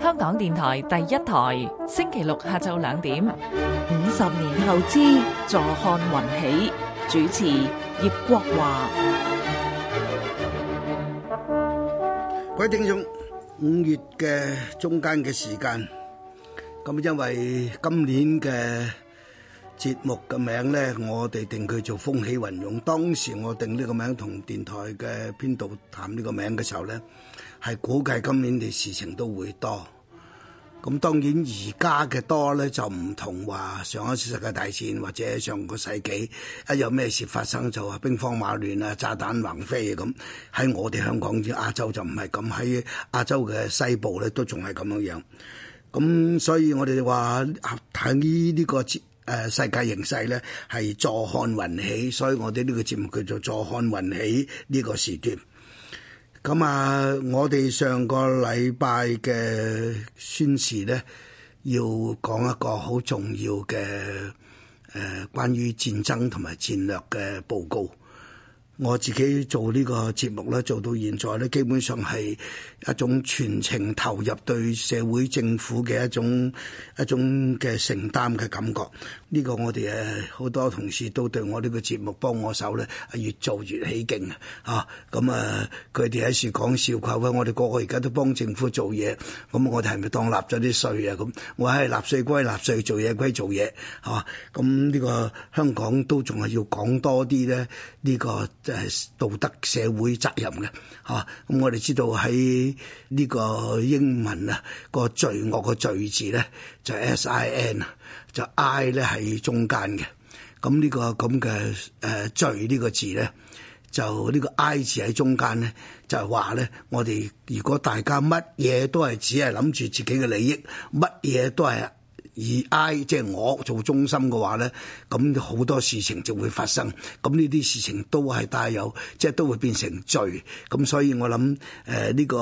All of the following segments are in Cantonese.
香港電台第一台，星期六下晝兩點。五十年後之，坐看雲起。主持葉國華。各位聽眾，五月嘅中間嘅時間，咁因為今年嘅。節目嘅名咧，我哋定佢做風起雲湧。當時我定呢個名同電台嘅編導談呢個名嘅時候咧，係估計今年嘅事情都會多。咁當然而家嘅多咧就唔同話上一次世界大戰，或者上個世紀一有咩事發生就兵荒馬亂啊、炸彈橫飛咁。喺我哋香港、亞洲就唔係咁，喺亞洲嘅西部咧，都仲係咁樣樣。咁所以我哋話睇呢呢個節。誒世界形勢咧係坐看雲起，所以我哋呢個節目叫做坐看雲起呢個時段。咁啊，我哋上個禮拜嘅宣示咧，要講一個好重要嘅誒關於戰爭同埋戰略嘅報告。我自己做呢個節目咧，做到現在咧，基本上係一種全程投入對社會政府嘅一種、一種嘅承擔嘅感覺。呢個我哋誒好多同事都對我呢個節目幫我手咧，係越做越起勁啊！咁啊，佢哋喺度講笑，佢話我哋個個而家都幫政府做嘢，咁、嗯、我哋係咪當納咗啲稅啊？咁我係納稅歸納稅，做嘢歸，歸做嘢嚇。咁、啊、呢、嗯呢個香港都仲係要講多啲咧，呢、這個即係道德社會責任嘅嚇。咁、啊嗯、我哋知道喺呢個英文啊、那個罪惡嘅罪字咧就係、S I N。就 I 咧喺中間嘅，咁、這、呢個咁嘅誒罪呢個字咧，就呢、這個 I 字喺中間咧，就係話咧，我哋如果大家乜嘢都係只係諗住自己嘅利益，乜嘢都係。而 I 即係我做中心嘅話咧，咁好多事情就會發生。咁呢啲事情都係帶有，即係都會變成罪。咁所以我諗，誒、呃、呢、這個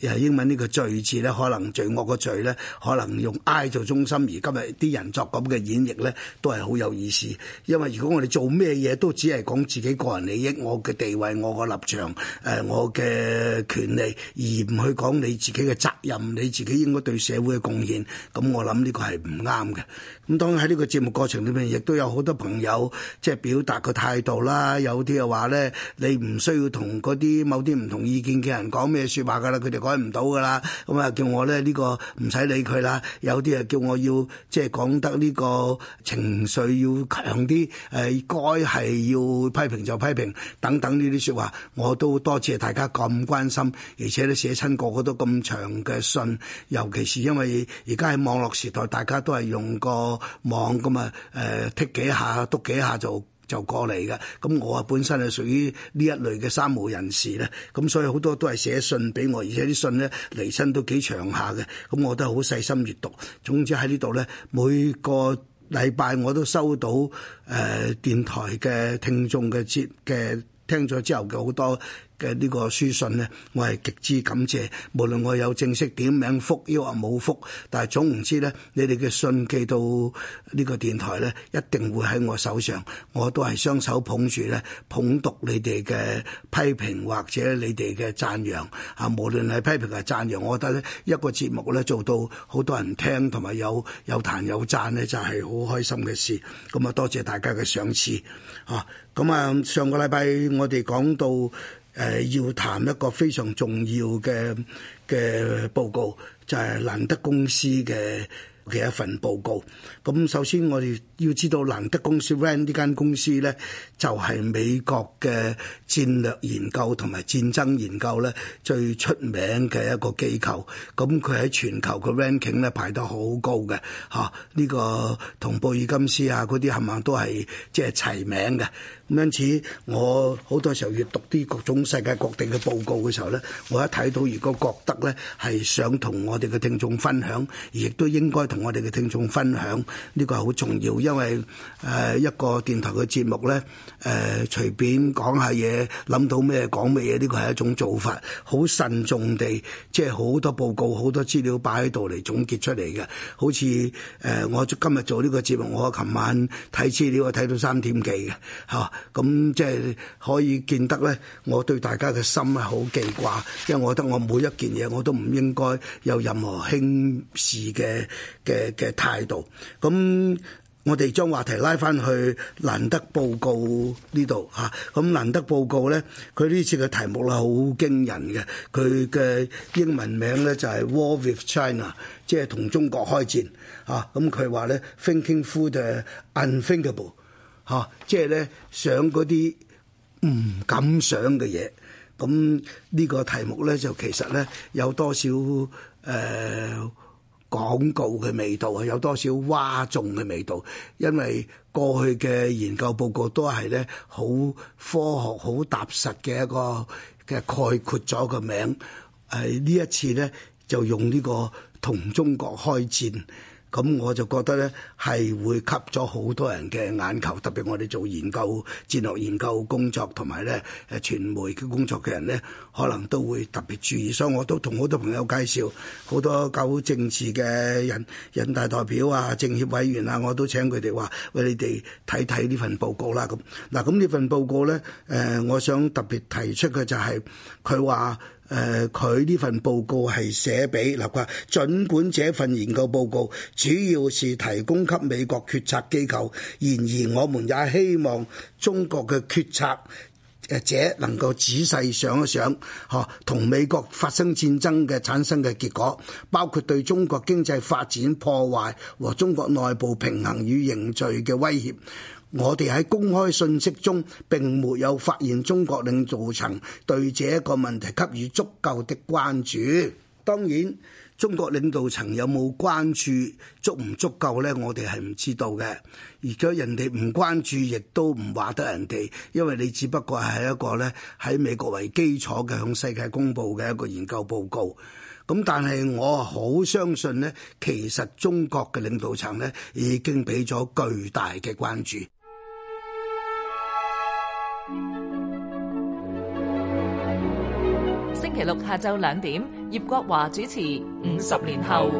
誒英文呢個罪字咧，可能罪惡個罪咧，可能用 I 做中心。而今日啲人作咁嘅演繹咧，都係好有意思。因為如果我哋做咩嘢都只係講自己個人利益、我嘅地位、我個立場誒、呃、我嘅權利，而唔去講你自己嘅責任、你自己應該對社會嘅貢獻，咁我諗呢個係。唔啱嘅，咁當然喺呢個節目過程裏邊，亦都有好多朋友即係表達個態度啦。有啲又話咧，你唔需要同啲某啲唔同意見嘅人講咩說話噶啦，佢哋改唔到噶啦。咁啊，叫我咧呢個唔使理佢啦。有啲啊，叫我要即係講得呢個情緒要強啲，誒該係要批評就批評等等呢啲說話，我都多謝大家咁關心，而且咧寫親個個都咁長嘅信，尤其是因為而家喺網絡時代，大家。大家都係用個網咁啊，誒、呃、剔幾下，篤幾下就就過嚟嘅。咁、嗯、我啊本身係屬於呢一類嘅三無人士咧，咁、嗯、所以好多都係寫信俾我，而且啲信咧，嚟信都幾長下嘅，咁、嗯、我都係好細心閱讀。總之喺呢度咧，每個禮拜我都收到誒、呃、電台嘅聽眾嘅接嘅聽咗之後嘅好多。嘅呢個書信呢，我係極之感謝。無論我有正式點名覆，抑或冇覆，但係總唔知呢，你哋嘅信寄到呢個電台呢，一定會喺我手上。我都係雙手捧住呢，捧讀你哋嘅批評或者你哋嘅讚揚。啊，無論係批評係讚揚，我覺得呢一個節目呢，做到好多人聽同埋有有彈有讚呢，就係好開心嘅事。咁啊，多謝大家嘅賞賜。啊，咁啊，上個禮拜我哋講到。誒、呃、要談一個非常重要嘅嘅報告，就係蘭德公司嘅。嘅一份報告。咁首先我哋要知道蘭德公司 Rand 呢間公司咧，就係、是、美國嘅戰略研究同埋戰爭研究咧最出名嘅一個機構，咁佢喺全球嘅 Ranking 咧排得好高嘅，吓、啊、呢、這個同布爾金斯啊啲，冚唪唥都係即係齊名嘅。咁因此我好多時候閱讀啲各種世界各地嘅報告嘅時候咧，我一睇到如果覺得咧係想同我哋嘅聽眾分享，而亦都應該。同我哋嘅聽眾分享，呢、這個係好重要，因為誒一個電台嘅節目咧，誒、呃、隨便講下嘢，諗到咩講咩嘢，呢個係一種做法。好慎重地，即係好多報告、好多資料擺喺度嚟總結出嚟嘅。好似誒我今日做呢個節目，我琴晚睇資料，我睇到三點幾嘅吓，咁、啊、即係可以見得咧，我對大家嘅心係好記掛，因為我覺得我每一件嘢我都唔應該有任何輕視嘅。嘅嘅態度，咁我哋將話題拉翻去蘭德報、啊、報告呢度嚇。咁蘭德報告咧，佢呢次嘅題目咧好驚人嘅，佢嘅英文名咧就係 War with China，即係同中國開戰嚇，咁佢話咧 Thinking Through the Unthinkable 嚇、啊，即係咧想嗰啲唔敢想嘅嘢，咁呢個題目咧就其實咧有多少誒，呃廣告嘅味道，有多少嘩眾嘅味道？因為過去嘅研究報告都係咧好科學、好踏實嘅一個嘅概括咗個名，誒呢一次咧就用呢個同中國開戰。咁我就覺得咧，係會吸咗好多人嘅眼球，特別我哋做研究、戰略研究工作同埋咧誒傳媒工作嘅人咧，可能都會特別注意。所以我都同好多朋友介紹，好多搞政治嘅人、人大代表啊、政協委員啊，我都請佢哋話：喂，你哋睇睇呢份報告啦。咁嗱，咁呢份報告咧，誒、呃，我想特別提出嘅就係佢話。誒，佢呢、呃、份報告係寫俾嗱，佢話儘管這份研究報告主要是提供給美國決策機構，然而我們也希望中國嘅決策者能夠仔細想一想，嚇，同美國發生戰爭嘅產生嘅結果，包括對中國經濟發展破壞和中國內部平衡與凝聚嘅威脅。我哋喺公開信息中並沒有發現中國領導層對這個問題給予足夠的關注。當然，中國領導層有冇關注足唔足夠咧？我哋係唔知道嘅。而家人哋唔關注，亦都唔話得人哋，因為你只不過係一個咧喺美國為基礎嘅向世界公布嘅一個研究報告。咁但係我好相信咧，其實中國嘅領導層咧已經俾咗巨大嘅關注。星期六下晝兩點，葉國華主持《五十年後》。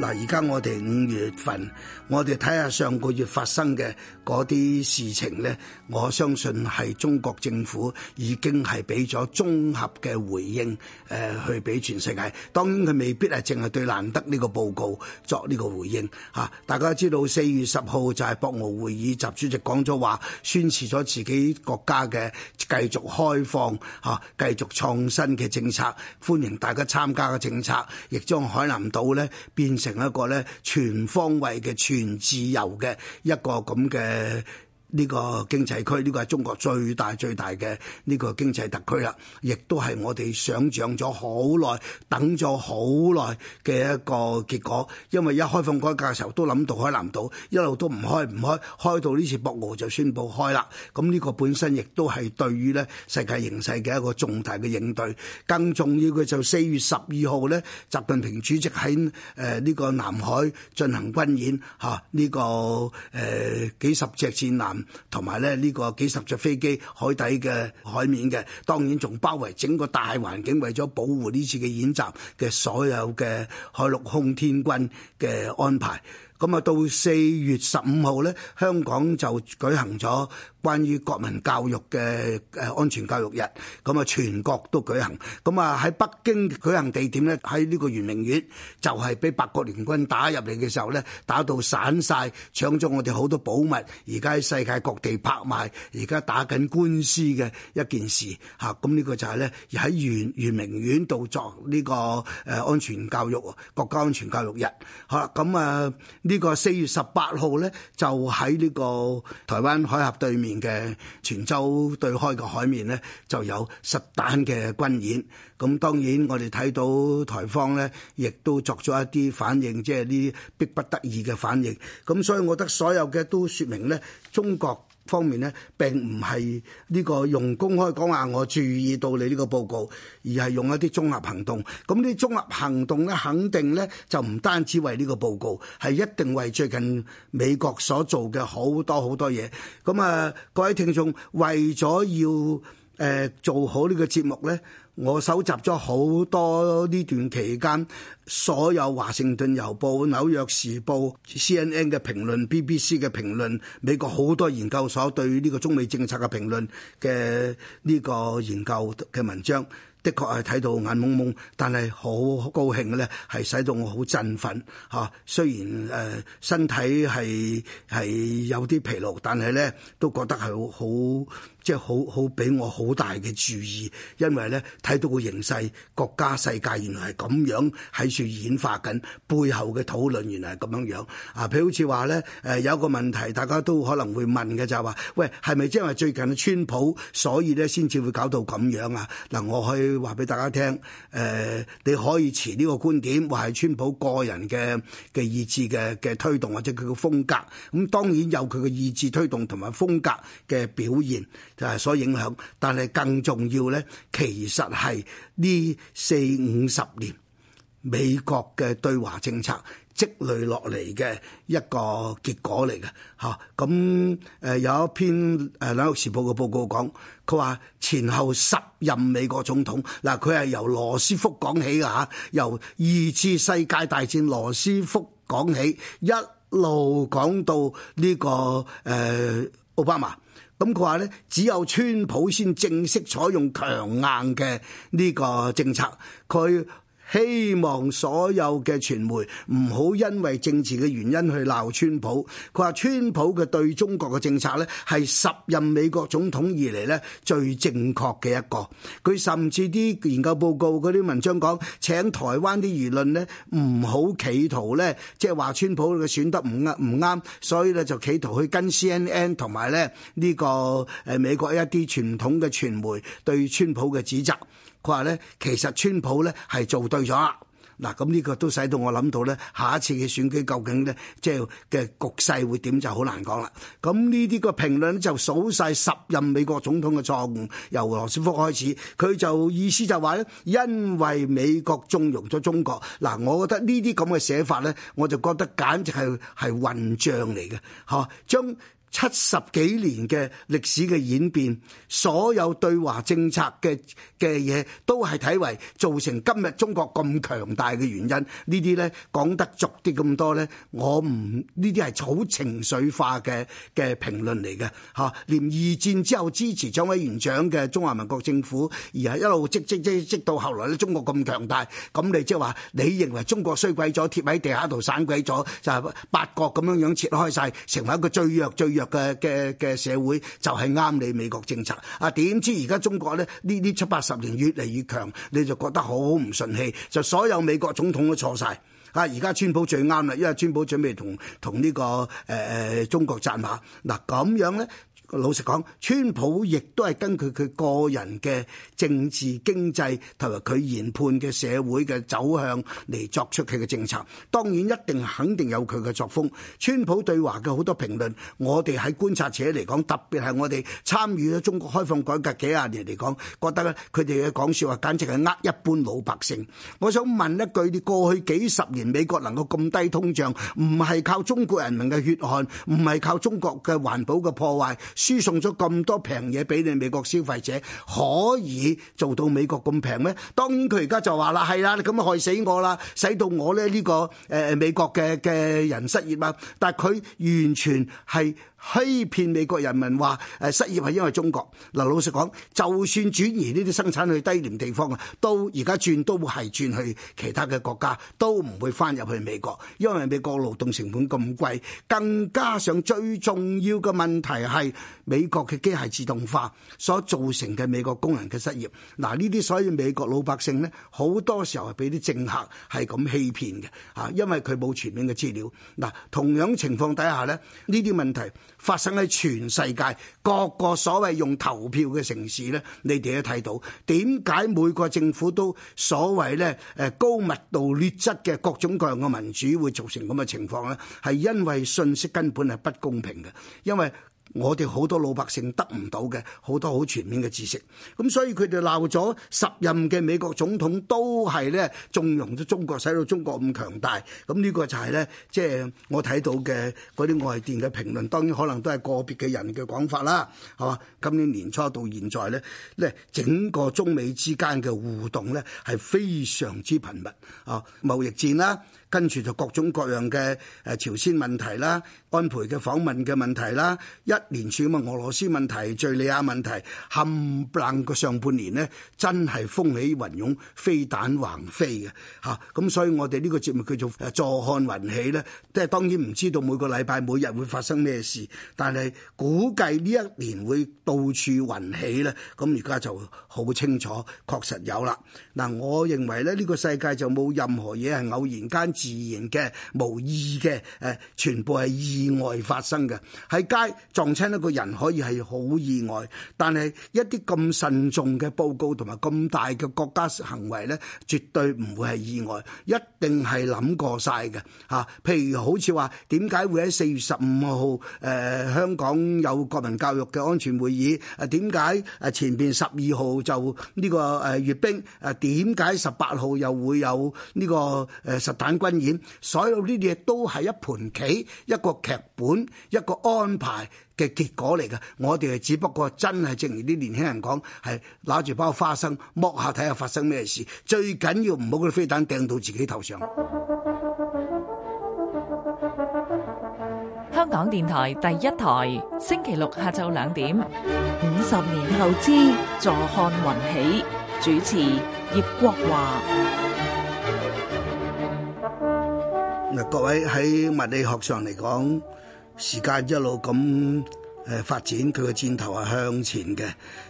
嗱，而家我哋五月份，我哋睇下上個月發生嘅啲事情咧，我相信係中國政府已經係俾咗綜合嘅回應誒、呃、去俾全世界。當然佢未必係淨係對蘭德呢個報告作呢個回應吓、啊，大家知道四月十號就係博鰲會議習主席講咗話宣示咗自己國家嘅繼續開放吓、啊、繼續創新嘅政策，歡迎大家參加嘅政策，亦將海南島咧變成。成一個咧全方位嘅、全自由嘅一個咁嘅。呢個經濟區呢、呢個係中國最大最大嘅呢個經濟特區啦，亦都係我哋想象咗好耐、等咗好耐嘅一個結果。因為一開放改革嘅時候都諗到海南島，一路都唔開唔開，開到呢次博鰲就宣布開啦。咁、呢、呢個本身亦都係對於咧世界形勢嘅一個重大嘅應對，更重要嘅就四月十二號咧，習近平主席喺誒呢個南海進行軍演吓呢、呢個誒、呃、幾十隻戰艦。同埋咧，呢個幾十隻飛機、海底嘅、海面嘅，當然仲包圍整個大環境，為咗保護呢次嘅演習嘅所有嘅海陸空天軍嘅安排。咁啊，到四月十五號呢，香港就舉行咗。關於國民教育嘅，誒安全教育日，咁啊全國都舉行，咁啊喺北京舉行地點咧，喺呢個圓明園，就係俾八國聯軍打入嚟嘅時候咧，打到散晒，搶咗我哋好多寶物，而家喺世界各地拍賣，而家打緊官司嘅一件事嚇，咁呢個就係咧喺圓圓明園度作呢個誒安全教育，國家安全教育日，好啦，咁啊呢個四月十八號咧就喺呢個台灣海峽對面。嘅泉州對開嘅海面咧，就有實彈嘅軍演。咁當然我哋睇到台方咧，亦都作咗一啲反應，即係呢啲逼不得已嘅反應。咁所以，我覺得所有嘅都說明咧，中國。方面呢，並唔係呢個用公開講話，我注意到你呢個報告，而係用一啲綜合行動。咁呢綜合行動呢，肯定呢，就唔單止為呢個報告，係一定為最近美國所做嘅好多好多嘢。咁啊，各位聽眾，為咗要。誒做好呢個節目呢，我搜集咗好多呢段期間所有華盛頓郵報、紐約時報、C N N 嘅評論、B B C 嘅評論、美國好多研究所對呢個中美政策嘅評論嘅呢個研究嘅文章，的確係睇到眼懵懵，但係好高興嘅咧，係使到我好振奮嚇。雖然誒身體係係有啲疲勞，但係呢都覺得係好。即係好好俾我好大嘅注意，因為咧睇到個形勢，國家世界原來係咁樣喺處演化緊，背後嘅討論原來係咁樣樣啊！譬如好似話咧，誒、呃、有一個問題，大家都可能會問嘅就係、是、話：喂，係咪即係最近嘅川普，所以咧先至會搞到咁樣啊？嗱、啊，我可以話俾大家聽，誒、呃、你可以持呢個觀點，話係川普個人嘅嘅意志嘅嘅推動，或者佢嘅風格。咁、嗯、當然有佢嘅意志推動同埋風格嘅表現。就係所影響，但係更重要咧，其實係呢四五十年美國嘅對華政策積累落嚟嘅一個結果嚟嘅嚇。咁誒、嗯、有一篇《紐約時報》嘅報告講，佢話前後十任美國總統嗱，佢係由羅斯福講起嘅嚇，由二次世界大戰羅斯福講起，一路講到呢、這個誒奧、呃、巴馬。咁佢話咧，只有川普先正式採用強硬嘅呢個政策，佢。希望所有嘅傳媒唔好因為政治嘅原因去鬧川普。佢話川普嘅對中國嘅政策咧，係十任美國總統以嚟咧最正確嘅一個。佢甚至啲研究報告嗰啲文章講，請台灣啲輿論咧唔好企圖呢，即係話川普嘅選得唔啱，唔啱，所以呢，就企圖去跟 CNN 同埋咧呢個誒美國一啲傳統嘅傳媒對川普嘅指責。佢話咧，其實川普咧係做對咗。嗱，咁呢個都使到我諗到咧，下一次嘅選舉究竟咧，即係嘅局勢會點就好難講啦。咁呢啲個評論就數晒十任美國總統嘅錯誤，由羅斯福開始，佢就意思就話咧，因為美國縱容咗中國。嗱，我覺得呢啲咁嘅寫法咧，我就覺得簡直係係混帳嚟嘅，嚇、啊、將。七十幾年嘅歷史嘅演變，所有對華政策嘅嘅嘢，都係睇為造成今日中國咁強大嘅原因。呢啲咧講得俗啲咁多咧，我唔呢啲係好情緒化嘅嘅評論嚟嘅吓連二戰之後支持蔣委員長嘅中華民國政府，而係一路積積積積到後來咧，中國咁強大，咁你即係話你認為中國衰鬼咗，貼喺地下度散鬼咗，就係八國咁樣樣切開晒成為一個最弱最。嘅嘅嘅社會就係啱你美國政策啊！點知而家中國咧呢啲七八十年越嚟越強，你就覺得好唔順氣，就所有美國總統都錯晒啊！而家川普最啱啦，因為川普準備同同呢、呢個誒、嗯、中國戰下嗱，咁樣咧。老實講，川普亦都係根據佢個人嘅政治經濟，同埋佢研判嘅社會嘅走向嚟作出佢嘅政策。當然一定肯定有佢嘅作風。川普對華嘅好多評論，我哋喺觀察者嚟講，特別係我哋參與咗中國開放改革幾廿年嚟講，覺得咧佢哋嘅講説話簡直係呃一般老百姓。我想問一句，你過去幾十年美國能夠咁低通脹，唔係靠中國人民嘅血汗，唔係靠中國嘅環保嘅破壞？輸送咗咁多平嘢俾你美國消費者，可以做到美國咁平咩？當然佢而家就話啦，係啦，你咁樣害死我啦，使到我咧呢個誒美國嘅嘅人失業啦。但係佢完全係。欺騙美國人民話誒失業係因為中國嗱，老實講，就算轉移呢啲生產去低廉地方啊，都而家轉都係轉去其他嘅國家，都唔會返入去美國，因為美國勞動成本咁貴，更加上最重要嘅問題係美國嘅機械自動化所造成嘅美國工人嘅失業嗱，呢啲所以美國老百姓呢，好多時候係俾啲政客係咁欺騙嘅嚇，因為佢冇全面嘅資料嗱，同樣情況底下呢，呢啲問題。發生喺全世界各個所謂用投票嘅城市呢，你哋都睇到點解每個政府都所謂呢，誒高密度劣質嘅各種各樣嘅民主會造成咁嘅情況呢，係因為信息根本係不公平嘅，因為。我哋好多老百姓得唔到嘅好多好全面嘅知識，咁所以佢哋鬧咗十任嘅美國總統都係咧縱容咗中國，使到中國咁強大。咁呢個就係咧，即係我睇到嘅嗰啲外電嘅評論，當然可能都係個別嘅人嘅講法啦，係嘛？今年年初到現在咧，咧整個中美之間嘅互動咧係非常之頻密啊，貿易戰啦。跟住就各種各樣嘅誒朝鮮問題啦、安倍嘅訪問嘅問題啦，一連串啊俄羅斯問題，敘利亞問題冚唪唥個上半年咧真係風起雲湧飛彈橫飛嘅吓，咁所以我哋呢個節目叫做誒坐看雲起咧，即係當然唔知道每個禮拜每日會發生咩事，但係估計呢一年會到處雲起咧，咁而家就好清楚，確實有啦。嗱、啊，我認為咧呢個世界就冇任何嘢係偶然間。自然嘅、無意嘅，誒全部係意外發生嘅。喺街撞親一個人可以係好意外，但係一啲咁慎重嘅報告同埋咁大嘅國家行為咧，絕對唔會係意外，一定係諗過晒嘅吓，譬如好似話點解會喺四月十五號誒香港有國民教育嘅安全會議？誒點解誒前邊十二號就呢個誒閱兵？誒點解十八號又會有呢個誒實彈軍。當然，所有呢啲嘢都係一盤棋，一個劇本，一個安排嘅結果嚟嘅。我哋係只不過真係正如啲年輕人講，係攞住包花生剝下睇下發生咩事。最緊要唔好嗰啲飛彈掟到自己頭上。香港電台第一台，星期六下晝兩點，五十年後之，坐看雲起，主持葉國華。各位，喺物理學上嚟講，時間一路咁誒發展，佢個箭頭係向前嘅。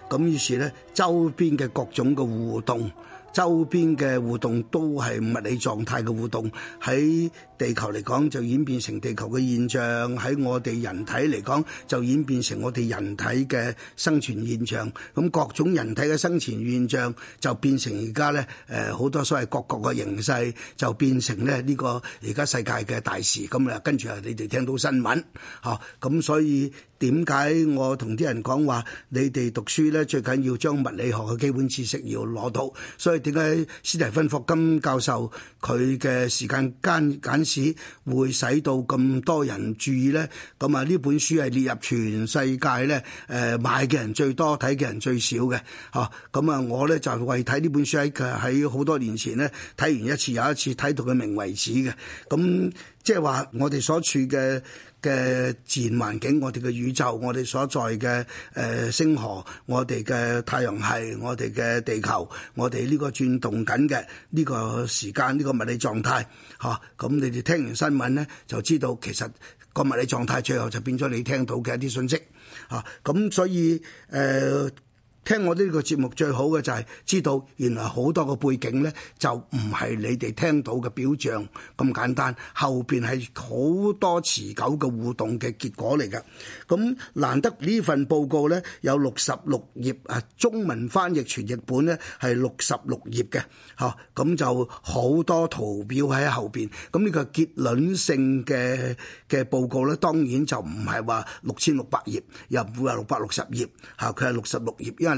咁於是咧，周邊嘅各種嘅互動，周邊嘅互動都係物理狀態嘅互動喺。地球嚟講就演變成地球嘅現象，喺我哋人體嚟講就演變成我哋人體嘅生存現象。咁各種人體嘅生存現象就變成而家咧誒好多所謂各國嘅形勢就變成咧呢個而家世界嘅大事。咁啊，跟住啊，你哋聽到新聞吓，咁所以點解我同啲人講話，你哋讀書咧最緊要將物理學嘅基本知識要攞到，所以點解斯蒂芬霍金教授佢嘅時間間簡使會使到咁多人注意咧，咁啊呢本書係列入全世界咧，誒買嘅人最多，睇嘅人最少嘅，嚇。咁啊，我咧就為睇呢本書喺喺好多年前咧睇完一次，又一次睇到佢明為止嘅。咁即係話我哋所處嘅嘅自然環境，我哋嘅宇宙，我哋所在嘅誒、呃、星河，我哋嘅太陽系，我哋嘅地球，我哋呢個轉動緊嘅呢個時間，呢、這個物理狀態，嚇、啊、咁你哋聽完新聞咧，就知道其實個物理狀態最後就變咗你聽到嘅一啲信息，嚇、啊、咁所以誒。呃聽我呢個節目最好嘅就係知道原來好多個背景呢，就唔係你哋聽到嘅表象咁簡單，後邊係好多持久嘅互動嘅結果嚟嘅。咁難得呢份報告呢，有六十六頁啊，中文翻譯全譯本呢係六十六頁嘅，嚇、咁就好多圖表喺後邊。咁呢個結論性嘅嘅報告呢，當然就唔係話六千六百頁，又唔會話六百六十頁，嚇、佢係六十六頁，因為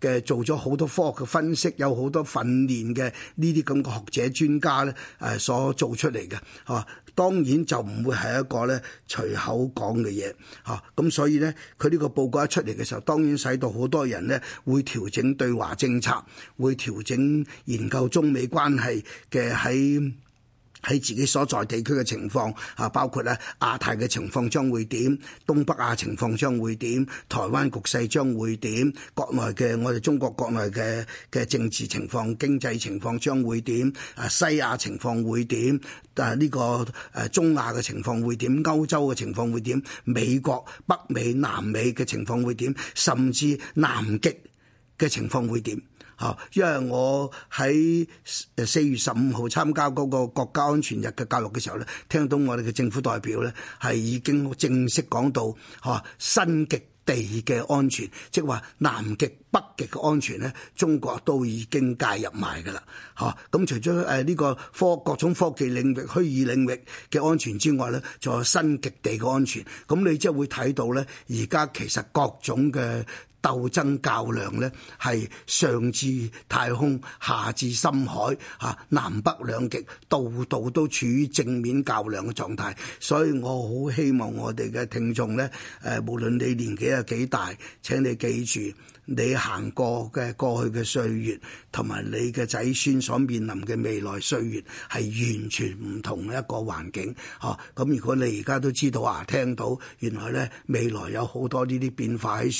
嘅做咗好多科學嘅分析，有好多訓練嘅呢啲咁嘅學者專家咧，誒所做出嚟嘅嚇，當然就唔會係一個咧隨口講嘅嘢嚇，咁、啊、所以咧佢呢個報告一出嚟嘅時候，當然使到好多人咧會調整對華政策，會調整研究中美關係嘅喺。喺自己所在地區嘅情況啊，包括咧亞太嘅情況將會點，東北亞情況將會點，台灣局勢將會點，國內嘅我哋中國國內嘅嘅政治情況、經濟情況將會點，啊西亞情況會點，啊呢個誒中亞嘅情況會點，歐洲嘅情況會點，美國、北美、南美嘅情況會點，甚至南極嘅情況會點。嚇！因為我喺四月十五號參加嗰個國家安全日嘅教育嘅時候咧，聽到我哋嘅政府代表咧係已經正式講到嚇新極地嘅安全，即係話南極、北極嘅安全咧，中國都已經介入埋㗎喇。嚇！咁除咗誒呢個科各種科技領域、虛擬領域嘅安全之外咧，仲有新極地嘅安全。咁你即係會睇到咧，而家其實各種嘅。鬥爭較量咧，係上至太空，下至深海，啊，南北兩極，度度都處於正面較量嘅狀態。所以我好希望我哋嘅聽眾咧，誒無論你年紀有幾大，請你記住。你行過嘅過去嘅歲月，同埋你嘅仔孫所面臨嘅未來歲月，係完全唔同一個環境。嚇、啊，咁如果你而家都知道啊，聽到原來咧未來有好多呢啲變化喺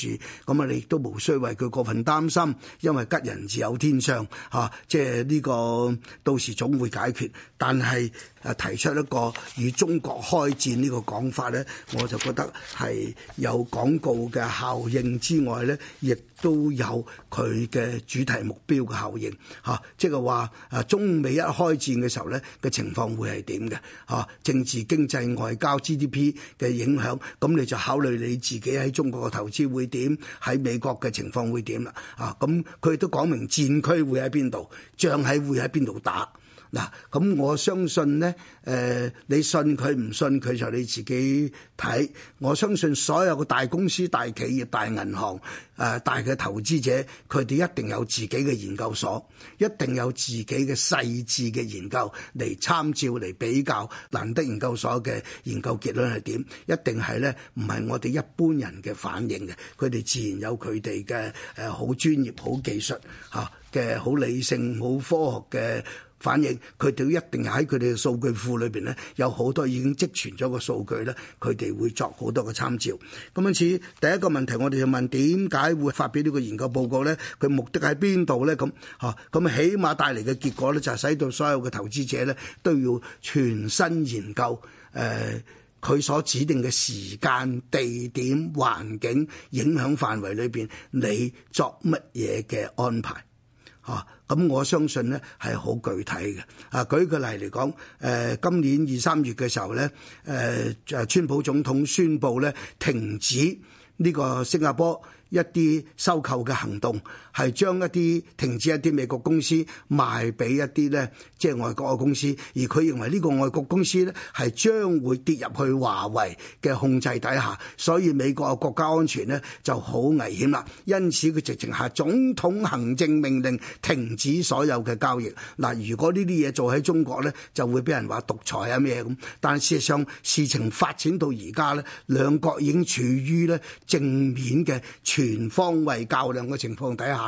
處，咁啊你亦都無需為佢過分擔心，因為吉人自有天相。嚇、啊，即係呢個到時總會解決，但係。提出一個與中國開戰呢個講法咧，我就覺得係有廣告嘅效應之外咧，亦都有佢嘅主題目標嘅效應吓，即係話啊,、就是、啊中美一開戰嘅時候咧嘅情況會係點嘅吓政治經濟外交 GDP 嘅影響，咁你就考慮你自己喺中國嘅投資會點，喺美國嘅情況會點啦啊！咁、啊、佢都講明戰區會喺邊度，仗喺會喺邊度打。嗱，咁我相信呢，誒、呃，你信佢唔信佢就你自己睇。我相信所有嘅大公司、大企業、大銀行、誒、呃、大嘅投資者，佢哋一定有自己嘅研究所，一定有自己嘅細緻嘅研究嚟參照嚟比較。蘭德研究所嘅研究結論係點？一定係呢，唔係我哋一般人嘅反應嘅。佢哋自然有佢哋嘅誒好專業、好技術嚇嘅好理性、好科學嘅。反映佢哋一定喺佢哋嘅數據庫裏邊咧，有好多已經積存咗個數據咧，佢哋會作好多嘅參照。咁因此，第一個問題，我哋就問點解會發表呢個研究報告咧？佢目的喺邊度咧？咁吓咁起碼帶嚟嘅結果咧，就係、是、使到所有嘅投資者咧都要全新研究誒，佢、呃、所指定嘅時間、地點、環境、影響範圍裏邊，你作乜嘢嘅安排？啊，咁我相信咧係好具體嘅。啊，舉個例嚟講，誒、呃，今年二三月嘅時候咧，誒，誒，川普總統宣布咧停止呢個新加坡一啲收購嘅行動。係將一啲停止一啲美國公司賣俾一啲呢，即係外國嘅公司，而佢認為呢個外國公司呢，係將會跌入去華為嘅控制底下，所以美國嘅國家安全呢，就好危險啦。因此佢直情下總統行政命令停止所有嘅交易。嗱，如果呢啲嘢做喺中國呢，就會俾人話獨裁啊咩咁。但事實上事情發展到而家呢，兩國已經處於呢正面嘅全方位較量嘅情況底下。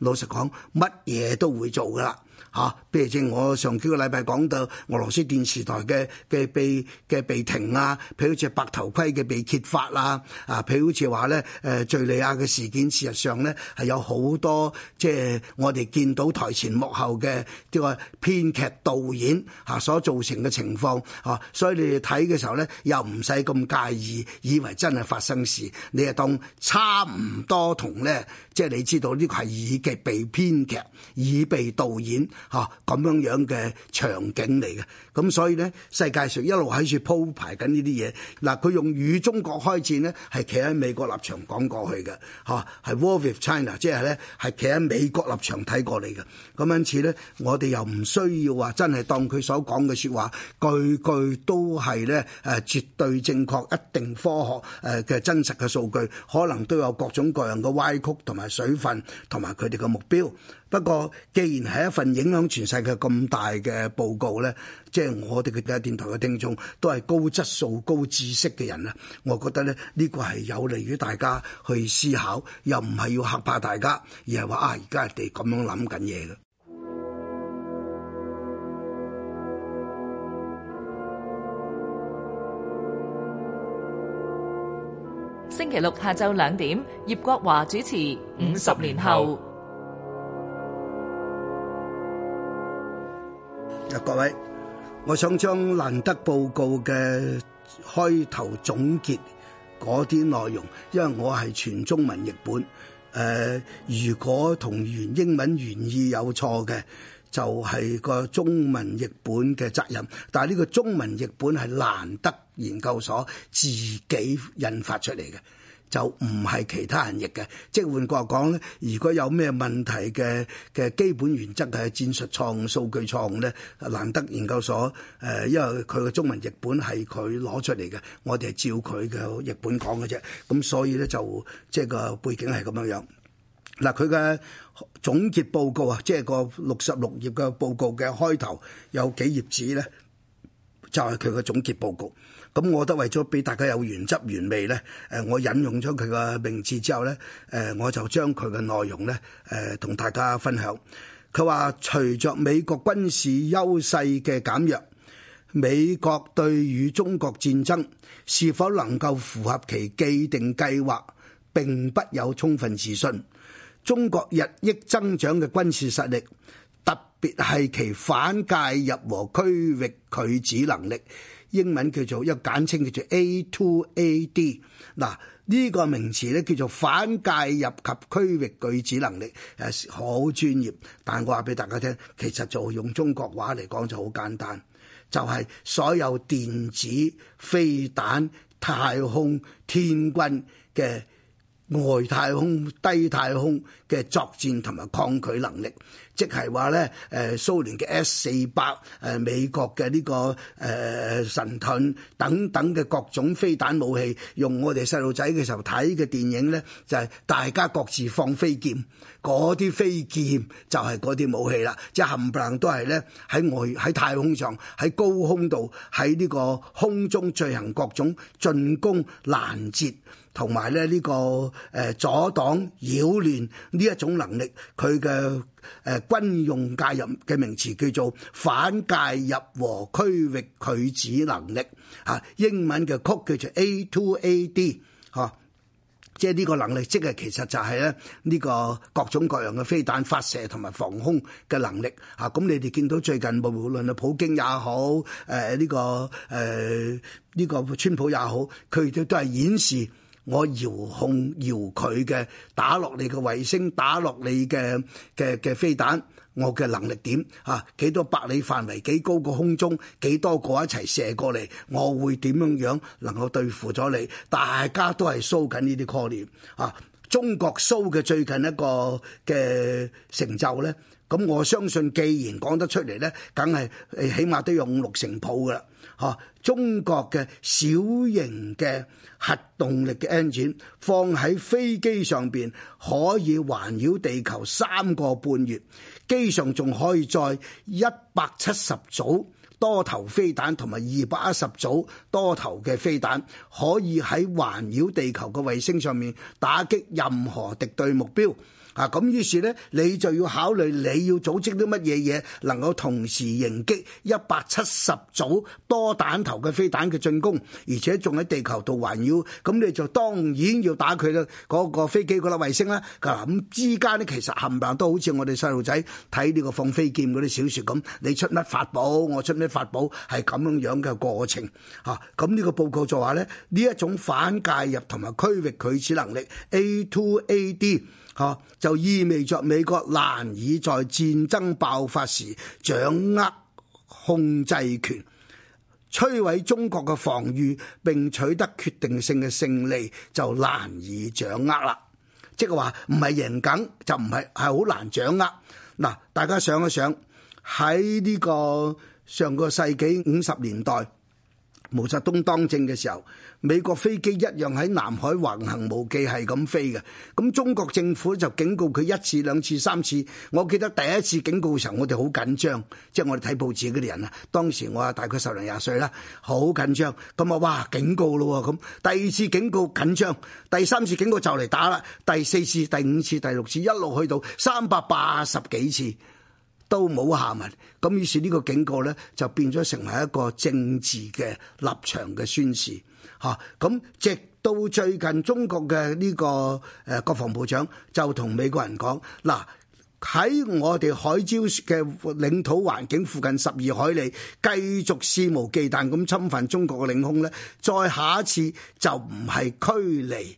老實講，乜嘢都會做噶啦。吓，譬如正我上幾個禮拜講到俄羅斯電視台嘅嘅被嘅被停啊，譬如好似白頭盔嘅被揭發啦，啊，譬如好似話咧，誒敘利亞嘅事件事實上咧係有好多即係、就是、我哋見到台前幕後嘅呢個編劇導演吓所造成嘅情況啊，所以你哋睇嘅時候咧又唔使咁介意，以為真係發生事，你係當差唔多同咧，即、就、係、是、你知道呢個係以極被編劇以被導演。吓，咁樣樣嘅場景嚟嘅。咁所以咧，世界上一路喺處鋪排緊呢啲嘢。嗱，佢用與中國開戰咧，係企喺美國立場講過去嘅，嚇係 War with China，即係咧係企喺美國立場睇過嚟嘅。咁因此咧，我哋又唔需要話真係當佢所講嘅説話句句都係咧誒絕對正確、一定科學誒嘅真實嘅數據，可能都有各種各樣嘅歪曲同埋水分同埋佢哋嘅目標。不過，既然係一份影響全世界咁大嘅報告咧，即係我哋嘅電台嘅聽眾都係高質素、高知識嘅人啊，我覺得咧呢個係有利於大家去思考，又唔係要嚇怕大家，而係話啊而家人哋咁樣諗緊嘢嘅。星期六下晝兩點，葉國華主持《五十年後》。各位，我想將蘭德報告嘅開頭總結嗰啲內容，因為我係全中文譯本。誒、呃，如果同原英文原意有錯嘅，就係、是、個中文譯本嘅責任。但係呢個中文譯本係蘭德研究所自己印發出嚟嘅。就唔係其他人譯嘅，即係換句話講咧，如果有咩問題嘅嘅基本原則係戰術錯誤、數據錯誤咧，難得研究所誒、呃，因為佢嘅中文譯本係佢攞出嚟嘅，我哋係照佢嘅譯本講嘅啫，咁所以咧就即係個背景係咁樣樣。嗱，佢嘅總結報告啊，即係個六十六頁嘅報告嘅開頭有幾頁紙咧，就係佢嘅總結報告。咁我都為咗俾大家有原汁原味呢。誒，我引用咗佢個名字之後呢，誒，我就將佢嘅內容呢，誒，同大家分享。佢話：隨着美國軍事優勢嘅減弱，美國對與中國戰爭是否能夠符合其既定計劃，並不有充分自信。中國日益增長嘅軍事實力，特別係其反介入和區域拒止能力。英文叫做，又簡稱叫做 A2AD。嗱，呢個名詞咧叫做反介入及區域拒止能力，誒，好專業。但係我話俾大家聽，其實就用中國話嚟講就好簡單，就係所有電子、飛彈、太空、天軍嘅外太空、低太空嘅作戰同埋抗拒能力。即係話咧，誒蘇聯嘅 S 四百，誒美國嘅呢、這個誒、呃、神盾等等嘅各種飛彈武器，用我哋細路仔嘅時候睇嘅電影咧，就係、是、大家各自放飛劍，嗰啲飛劍就係嗰啲武器啦，即係冚唪唥都係咧喺外喺太空上喺高空度喺呢個空中進行各種進攻攔截。同埋咧呢個誒阻擋擾亂呢一種能力，佢嘅誒軍用介入嘅名詞叫做反介入和區域拒止能力，吓，英文嘅曲叫做 A2AD，吓，即係呢個能力，即係其實就係咧呢個各種各樣嘅飛彈發射同埋防空嘅能力，吓，咁你哋見到最近無論啊普京也好，誒呢個誒呢個川普也好，佢哋都係演示。我遙控搖佢嘅打落你嘅衛星，打落你嘅嘅嘅飛彈，我嘅能力點吓啊，幾多百里範圍，幾高個空中，幾多個一齊射過嚟，我會點樣樣能夠對付咗你？大家都係 show 緊呢啲概念啊！中國 show 嘅最近一個嘅成就呢，咁我相信既然講得出嚟呢，梗係起碼都有五六成鋪噶啦，嚇、啊！中國嘅小型嘅核動力嘅 engine 放喺飛機上邊，可以環繞地球三個半月，機上仲可以載一百七十組，多頭飛彈同埋二百一十組多頭嘅飛彈可以喺環繞地球嘅衛星上面打擊任何敵對目標。啊，咁於是咧，你就要考慮你要組織啲乜嘢嘢，能夠同時迎擊一百七十組多彈頭嘅飛彈嘅進攻，而且仲喺地球度環繞。咁你就當然要打佢啦，嗰個飛機嗰粒衛星啦。咁之間咧，其實冚唪唥都好似我哋細路仔睇呢個放飛劍嗰啲小説咁，你出乜法寶，我出咩法寶，係咁樣樣嘅過程。嚇，咁呢個報告就話咧，呢一種反介入同埋區域拒止能力 A to A D，嚇就。就意味著美國難以在戰爭爆發時掌握控制權，摧毀中國嘅防禦，並取得決定性嘅勝利，就難以掌握啦。即係話唔係贏梗，就唔係，係好難掌握。嗱，大家想一想喺呢個上個世紀五十年代，毛澤東當政嘅時候，美國飛機一樣喺南海橫行無忌，係咁飛嘅。咁、嗯、中國政府就警告佢一次、兩次、三次。我記得第一次警告嘅時候，我哋好緊張，即係我哋睇報紙嗰啲人啊。當時我啊大概十零廿歲啦，好緊張。咁啊，哇，警告咯喎，咁第二次警告緊張，第三次警告就嚟打啦，第四次、第五次、第六次一路去到三百八十幾次，都冇下文，咁於是呢個警告呢，就變咗成為一個政治嘅立場嘅宣示，嚇、啊、咁直到最近中國嘅呢個誒國防部長就同美國人講，嗱，喺我哋海礁嘅領土環境附近十二海里，繼續肆無忌憚咁侵犯中國嘅領空呢，再下一次就唔係驅離。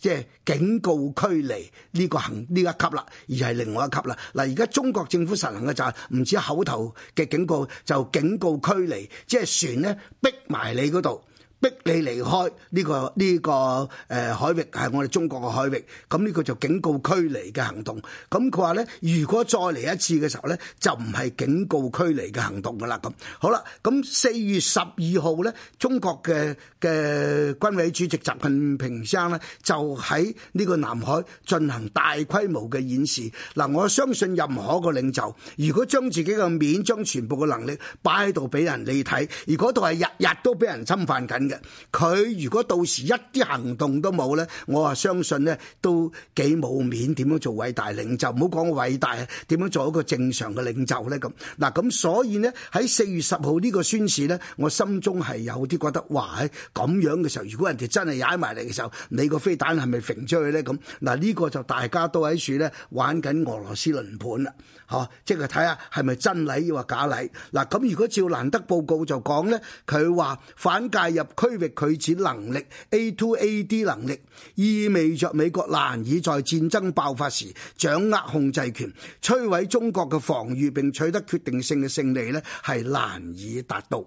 即係警告驅離呢，這個行呢一級啦，而係另外一級啦。嗱，而家中國政府實行嘅就係唔止口頭嘅警告，就警告驅離，即係船咧逼埋你嗰度。逼你離開呢個呢個誒，海域係我哋中國嘅海域，咁呢個就警告驅離嘅行動。咁佢話咧，如果再嚟一次嘅時候咧，就唔係警告驅離嘅行動㗎啦。咁好啦，咁四月十二號咧，中國嘅嘅軍委主席習近平生咧就喺呢個南海進行大規模嘅演示。嗱，我相信任何一個領袖，如果將自己嘅面將全部嘅能力擺喺度俾人你睇，而嗰度係日日都俾人侵犯緊。佢如果到時一啲行動都冇咧，我啊相信咧都幾冇面，點樣做偉大領袖？唔好講偉大，點樣做一個正常嘅領袖咧？咁嗱，咁所以呢，喺四月十號呢個宣示咧，我心中係有啲覺得，哇咁樣嘅時候，如果人哋真係踩埋嚟嘅時候，你個飛彈係咪揈出去咧？咁嗱，呢個就大家都喺處咧玩緊俄羅斯輪盤啦，嗬？即係睇下係咪真禮話假禮？嗱，咁如果照蘭德報告就講咧，佢話反介入。區域拒止能力 A to A D 能力，意味着美國難以在戰爭爆發時掌握控制權，摧毀中國嘅防禦並取得決定性嘅勝利呢，係難以達到。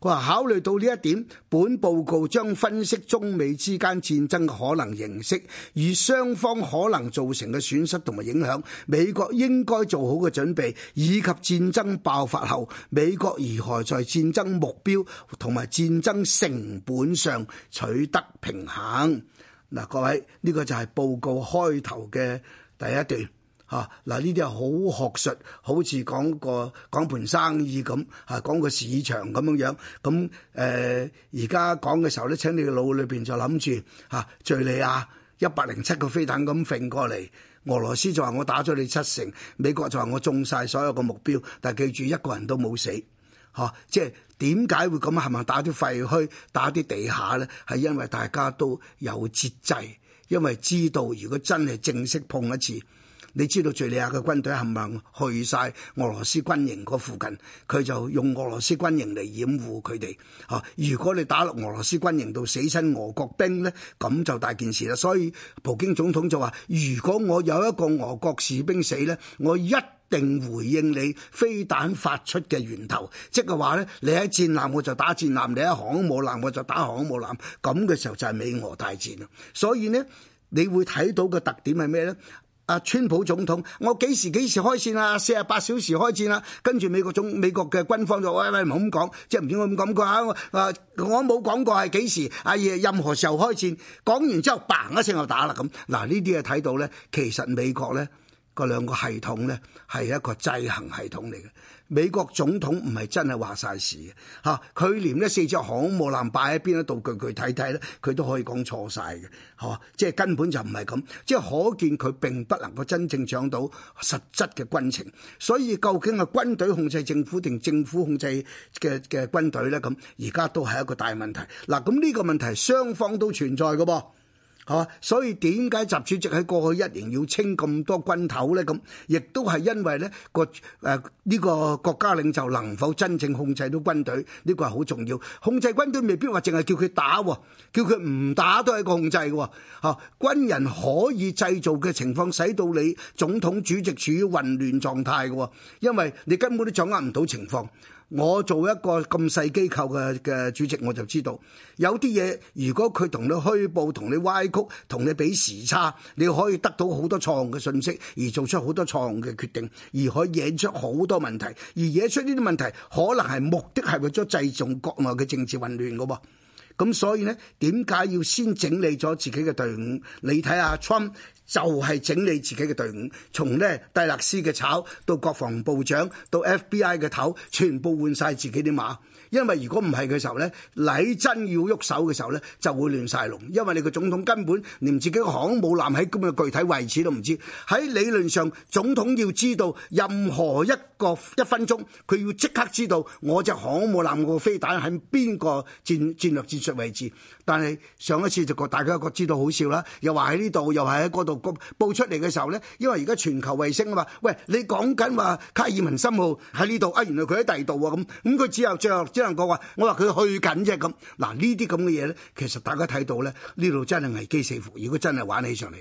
佢話考慮到呢一點，本報告將分析中美之間戰爭嘅可能形式，而雙方可能造成嘅損失同埋影響，美國應該做好嘅準備，以及戰爭爆發後美國如何在戰爭目標同埋戰爭成本上取得平衡。嗱，各位呢個就係報告開頭嘅第一段。啊！嗱，呢啲係好學術，好似講個講盤生意咁，嚇、啊、講個市場咁樣樣。咁、啊、誒，而家講嘅時候咧，請你嘅腦裏邊就諗住嚇，啊、敍利亞一百零七個飛彈咁揈過嚟，俄羅斯就話我打咗你七成，美國就話我中晒所有嘅目標，但係記住一個人都冇死。嚇、啊，即係點解會咁啊？係咪打啲廢墟，打啲地下咧？係因為大家都有節制，因為知道如果真係正式碰一次。你知道敍利亞嘅軍隊係咪去晒俄羅斯軍營嗰附近？佢就用俄羅斯軍營嚟掩護佢哋。哦、啊，如果你打落俄羅斯軍營到死親俄國兵呢，咁就大件事啦。所以普京總統就話：如果我有一個俄國士兵死呢，我一定回應你飛彈發出嘅源頭。即係話呢，你喺戰艦我就打戰艦，你喺航母艦我就打航母艦。咁嘅時候就係美俄大戰啦。所以呢，你會睇到嘅特點係咩呢？啊，川普總統，我幾時幾時開戰啊？四十八小時開戰啊！跟住美國總美國嘅軍方就，喂，喂，唔好咁講，即係唔知我咁講過啊，我冇講過係幾時，阿爺任何時候開戰，講完之後嘭一聲就打啦咁。嗱，呢啲嘢睇到呢，其實美國呢。嗰兩個系統咧係一個制衡系統嚟嘅。美國總統唔係真係話晒事嘅嚇，佢、啊、連呢四隻航空母艦擺喺邊一度，具具睇睇咧，佢都可以講錯晒。嘅、啊、嚇，即係根本就唔係咁，即係可見佢並不能夠真正掌握到實質嘅軍情。所以究竟係軍隊控制政府定政府控制嘅嘅軍隊咧？咁而家都係一個大問題。嗱、啊，咁、這、呢個問題雙方都存在嘅噃。吓，所以點解習主席喺過去一年要清咁多軍頭呢？咁亦都係因為呢國誒呢個國家領袖能否真正控制到軍隊呢個係好重要。控制軍隊未必話淨係叫佢打，叫佢唔打都係一個控制嘅。吓、啊，軍人可以製造嘅情況使到你總統主席處於混亂狀態嘅，因為你根本都掌握唔到情況。我做一個咁細機構嘅嘅主席，我就知道，有啲嘢如果佢同你虛報、同你歪曲、同你比時差，你可以得到好多錯誤嘅信息，而做出好多錯誤嘅決定，而可以惹出好多問題，而惹出呢啲問題可能係目的係為咗製造國內嘅政治混亂嘅噃。咁所以呢，點解要先整理咗自己嘅隊伍？你睇下 Trump。就係整理自己嘅隊伍，從咧戴勒斯嘅炒到國防部長到 FBI 嘅頭全部換晒自己啲馬，因為如果唔係嘅時候咧，禮真要喐手嘅時候咧，就會亂晒龍，因為你個總統根本連自己個航母艦喺咁嘅具體位置都唔知。喺理論上，總統要知道任何一個一分鐘佢要即刻知道我隻航母艦個飛彈喺邊個戰戰略戰術位置。但係上一次就覺大家覺知道好笑啦，又話喺呢度，又話喺嗰度。報出嚟嘅時候咧，因為而家全球衛星啊嘛，喂，你講緊話，卡爾文森號喺呢度啊，原來佢喺第二度啊，咁咁佢只有只能夠話，我話佢去緊啫咁，嗱呢啲咁嘅嘢咧，其實大家睇到咧，呢度真係危機四伏，如果真係玩起上嚟。